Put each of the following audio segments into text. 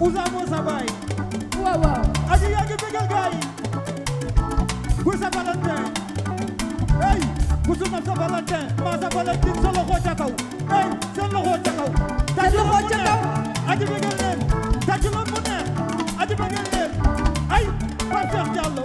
Ouza moo sa baay waaw waaw Adi yaa ngi bëggal gaay bu sa Valentin hey musuma sa Valentin maa sa Valentin sa loxo ca kaw hey seen loxo ca kaw sa loxo ca kaw Adi bëggal la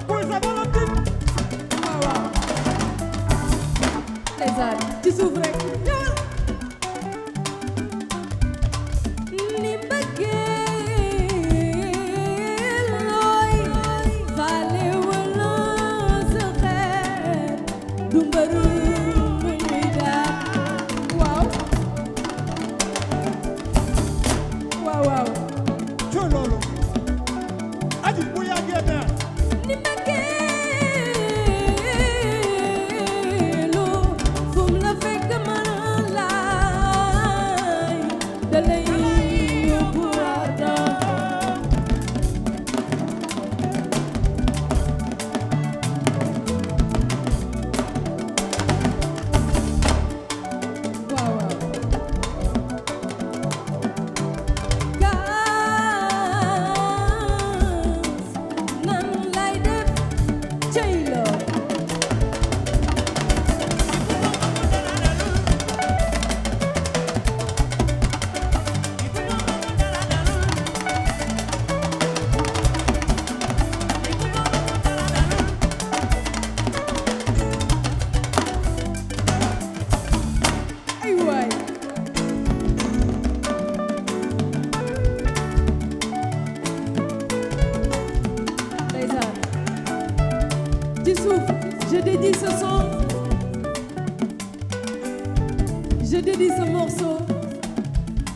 ce morceau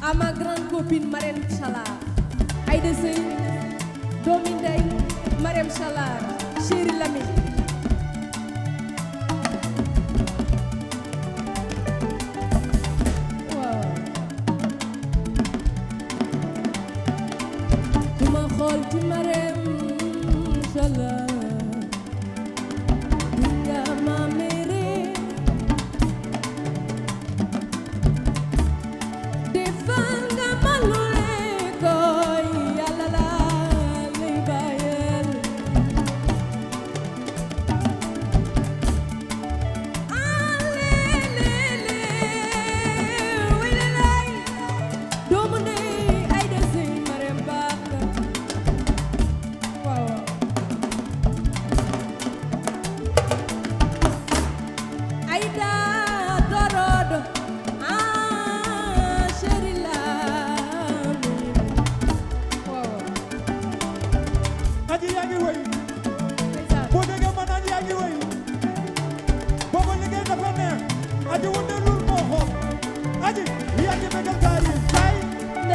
à ma grande copine Marème Chalar Aïda Sey doomi ndey Marème Chalar chéri Lamine xool ci Marème Chalar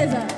déjà